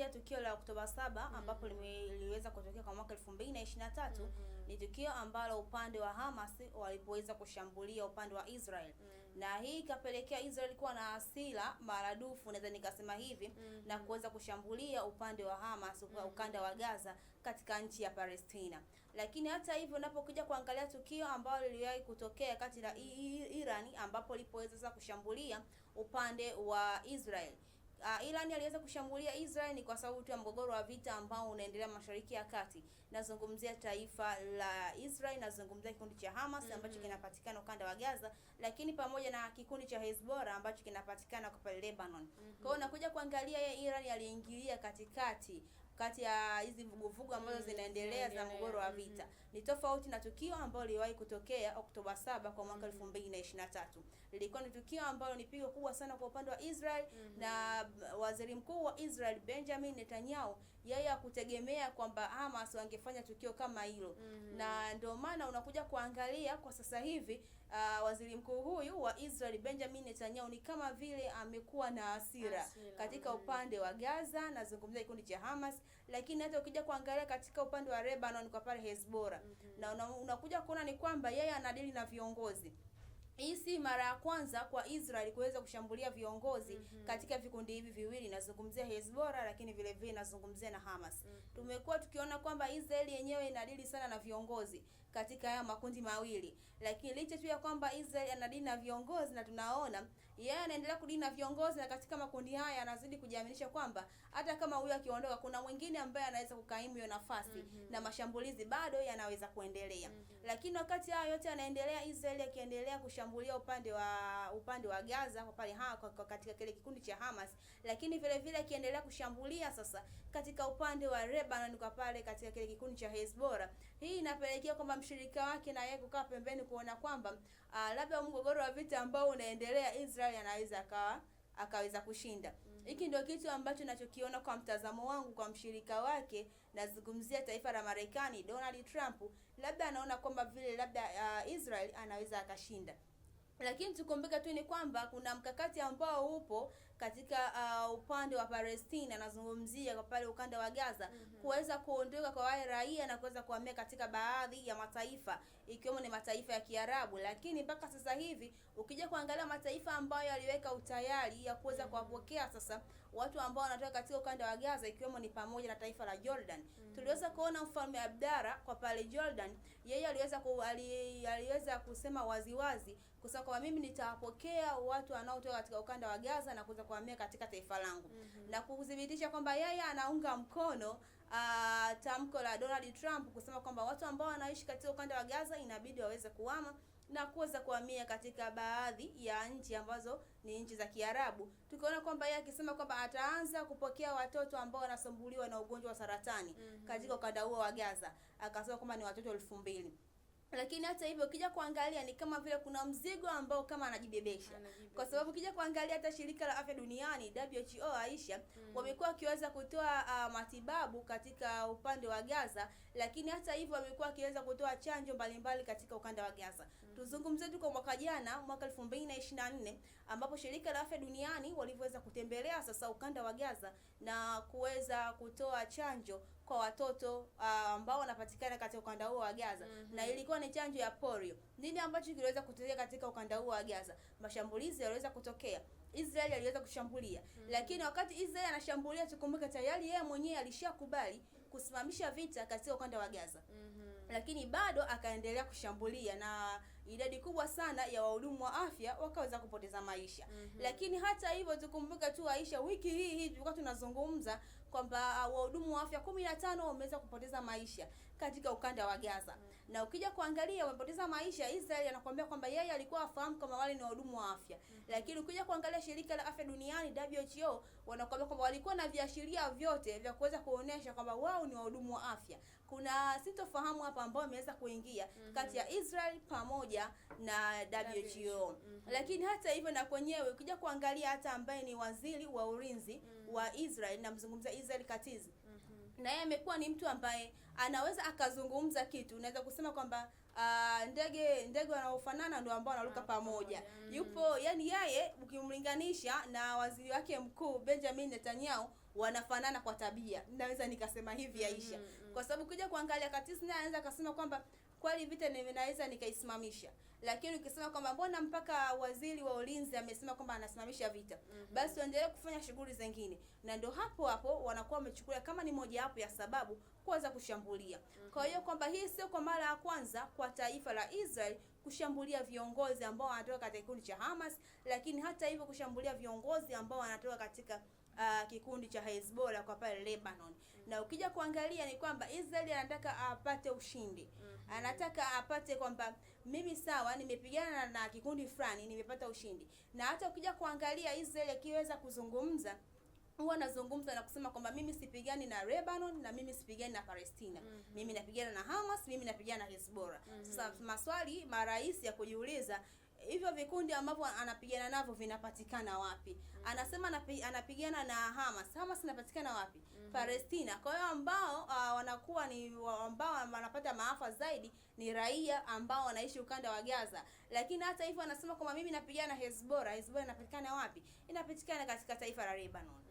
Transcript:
Tukizungumzia tukio la Oktoba saba mm -hmm. ambapo liliweza kutokea kwa mwaka 2023 mm -hmm. ni tukio ambalo upande wa Hamas walipoweza kushambulia upande wa Israel mm -hmm. na hii ikapelekea Israel kuwa na hasira maradufu, naweza nikasema hivi mm -hmm. na mm-hmm. kuweza kushambulia upande wa Hamas mm -hmm. ukanda wa Gaza katika nchi ya Palestina. Lakini hata hivyo, unapokuja kuangalia tukio ambalo liliwahi kutokea kati la Iran ambapo lipoweza sasa kushambulia upande wa Israel Uh, ah, Iran aliweza kushambulia Israel ni kwa sababu tu ya mgogoro wa vita ambao unaendelea Mashariki ya Kati. Nazungumzia taifa la Israel, nazungumzia kikundi cha Hamas mm -hmm. ambacho kinapatikana ukanda wa Gaza, lakini pamoja na kikundi cha Hezbollah ambacho kinapatikana kwa pale Lebanon. Mm -hmm. Kwa hiyo mhm. unakuja kuangalia ye Iran aliingilia katikati kati ya hizi vuguvugu ambazo mm, zinaendelea za mgogoro wa mm-hmm. vita ni tofauti na tukio ambalo liliwahi kutokea Oktoba 7 kwa mwaka 2023. Mm-hmm. Lilikuwa ni tukio ambalo ni pigo kubwa sana kwa upande wa Israel mm-hmm. na waziri mkuu wa Israel Benjamin Netanyahu yeye hakutegemea kwamba Hamas wangefanya tukio kama hilo mm -hmm. na ndio maana unakuja kuangalia kwa sasa hivi uh, waziri mkuu huyu wa Israel Benjamin Netanyahu ni kama vile amekuwa na hasira katika mhm. upande wa Gaza, nazungumzia kikundi cha Hamas, lakini hata ukija kuangalia katika upande wa Lebanon kwa pale Hezbollah mm -hmm. na unakuja kuona ni kwamba yeye anadili na viongozi hii si mara ya kwanza kwa Israel kuweza kushambulia viongozi mm -hmm. katika vikundi hivi viwili, nazungumzia Hezbollah, lakini vile vile nazungumzia na Hamas mm -hmm. tumekuwa tukiona kwamba Israel yenyewe inadili sana na viongozi katika hayo makundi mawili, lakini licha tu ya kwamba Israel anadili na viongozi na tunaona yeye yeah, anaendelea kudini na viongozi, na katika makundi haya anazidi kujiaminisha kwamba hata kama huyo akiondoka, kuna mwingine ambaye anaweza kukaimu hiyo nafasi mm -hmm. na mashambulizi bado yanaweza kuendelea mm -hmm. Lakini wakati hayo yote anaendelea, Israel akiendelea kushambulia upande wa upande wa Gaza kwa pale ha katika kile kikundi cha Hamas, lakini vile vile akiendelea kushambulia sasa katika upande wa Lebanon kwa pale katika kile kikundi cha Hezbollah, hii inapelekea kwamba mshirika wake na yeye kukaa pembeni kuona kwamba uh, labda mgogoro wa vita ambao unaendelea Israel anaweza akawa akaweza kushinda. Mm-hmm. Hiki ndio kitu ambacho nachokiona kwa mtazamo wangu kwa mshirika wake, nazungumzia taifa la Marekani, Donald Trump, labda anaona kwamba vile labda uh, Israel anaweza akashinda lakini tukumbuke tu ni kwamba kuna mkakati ambao upo katika uh, upande wa Palestina, anazungumzia kwa pale ukanda wa Gaza mm -hmm. kuweza kuondoka kwa wale raia na kuweza kuhamia katika baadhi ya mataifa ikiwemo ni mataifa ya Kiarabu, lakini mpaka sasa hivi ukija kuangalia mataifa ambayo yaliweka utayari ya kuweza mm -hmm. kuwapokea sasa watu ambao wanatoka katika ukanda wa Gaza ikiwemo ni pamoja na taifa la Jordan mm -hmm. tuliweza kuona mfalme Abdara kwa pale Jordan, yeye aliweza ku, ali, aliweza kusema waziwazi kusema kwamba mimi nitawapokea watu wanaotoka katika ukanda wa Gaza na kuweza kuhamia katika taifa langu mm -hmm. na kudhibitisha kwamba yeye anaunga mkono uh, tamko la Donald Trump kusema kwamba watu ambao wanaishi katika ukanda wa Gaza inabidi waweze kuhama na kuweza kuhamia katika baadhi ya nchi ambazo ni nchi za Kiarabu. Tukiona kwamba yeye akisema kwamba ataanza kupokea watoto ambao wanasumbuliwa na ugonjwa wa saratani mm -hmm. katika ukanda huo wa Gaza, akasema kwamba ni watoto elfu mbili lakini hata hivyo ukija kuangalia ni kama vile kuna mzigo ambao kama anajibebesha, anajibebesha. Kwa sababu ukija kuangalia hata shirika la afya duniani WHO Aisha, mm. wamekuwa wakiweza kutoa uh, matibabu katika upande wa Gaza, lakini hata hivyo wamekuwa wakiweza kutoa chanjo mbalimbali katika ukanda wa Gaza mm. tuzungumze tu kwa mwaka jana, mwaka 2024 ambapo shirika la afya duniani walivyoweza kutembelea sasa ukanda wa Gaza na kuweza kutoa chanjo kwa watoto uh, ambao wanapatikana katika ukanda huo wa Gaza mm -hmm. na ilikuwa ni chanjo ya polio. Nini ambacho kiliweza kutokea katika ukanda huo wa Gaza? Mashambulizi yaliweza kutokea Israeli aliweza kushambulia mm -hmm. Lakini wakati Israeli anashambulia, tukumbuke tayari yeye mwenyewe alishakubali kusimamisha vita katika ukanda wa Gaza mm -hmm. Lakini bado akaendelea kushambulia na idadi kubwa sana ya wahudumu wa afya wakaweza kupoteza maisha. mm -hmm. Lakini hata hivyo tukumbuke tu Aisha, wiki hii hii tulikuwa tunazungumza kwamba ah, wahudumu wa afya 15 wameweza kupoteza maisha katika ukanda wa Gaza. mm -hmm. Na ukija kuangalia wamepoteza maisha, Israel anakuambia kwamba yeye alikuwa afahamu kama wale ni wahudumu wa afya. mm -hmm. Lakini ukija kuangalia shirika la afya duniani WHO wanakuambia kwamba walikuwa na viashiria vyote vya kuweza kuonesha kwamba wao ni wahudumu wa afya. Kuna sintofahamu hapa ambao wameweza kuingia mm -hmm. kati ya Israel pamoja pamoja na WHO. Mm -hmm. Lakini hata hivyo na kwenyewe ukija kuangalia hata ambaye ni waziri wa ulinzi mm -hmm. wa Israel, namzungumza Israel Katz mm -hmm. na yeye amekuwa ni mtu ambaye anaweza akazungumza kitu, unaweza kusema kwamba Uh, ndege ndege wanaofanana ndio ambao wanaruka pamoja. mm Yupo yani, yeye ukimlinganisha na waziri wake mkuu Benjamin Netanyahu wanafanana kwa tabia, naweza nikasema hivi mhm, Aisha. mm -hmm. Kwa sababu kija kuangalia Katz naye anaweza akasema kwamba kweli vita ninaweza nikaisimamisha, lakini ukisema kwamba mbona mpaka waziri wa ulinzi amesema kwamba anasimamisha vita mm -hmm. basi waendelee kufanya shughuli zingine, na ndio hapo hapo wanakuwa wamechukulia kama ni mojawapo ya sababu kuweza kushambulia mm -hmm. kwa hiyo kwamba hii sio kwa mara ya kwanza kwa taifa la Israel kushambulia viongozi ambao wanatoka katika kikundi cha Hamas, lakini hata hivyo kushambulia viongozi ambao wanatoka katika uh, kikundi cha Hezbollah kwa pale Lebanon. mm -hmm. Na ukija kuangalia ni kwamba Israel anataka apate ushindi. mm -hmm. Anataka apate kwamba mimi sawa, nimepigana na kikundi fulani nimepata ushindi, na hata ukija kuangalia Israel akiweza kuzungumza huwa anazungumza na kusema kwamba mimi sipigani na Lebanon na mimi sipigani na Palestina. mm -hmm. Mimi napigana na Hamas, mimi napigana na Hezbollah. mm -hmm. Sasa maswali marais ya kujiuliza hivyo vikundi ambavyo anapigana navyo vinapatikana wapi? mm. Anasema anapi, anapigana na Hamas. Hamas inapatikana wapi? mm -hmm. Palestina. Kwa hiyo ambao uh, wanakuwa ni ambao wanapata maafa zaidi ni raia ambao wanaishi ukanda wa Gaza, lakini hata hivyo anasema kwamba mimi napigana na Hezbollah. Hezbollah inapatikana wapi? Inapatikana katika taifa la Lebanon.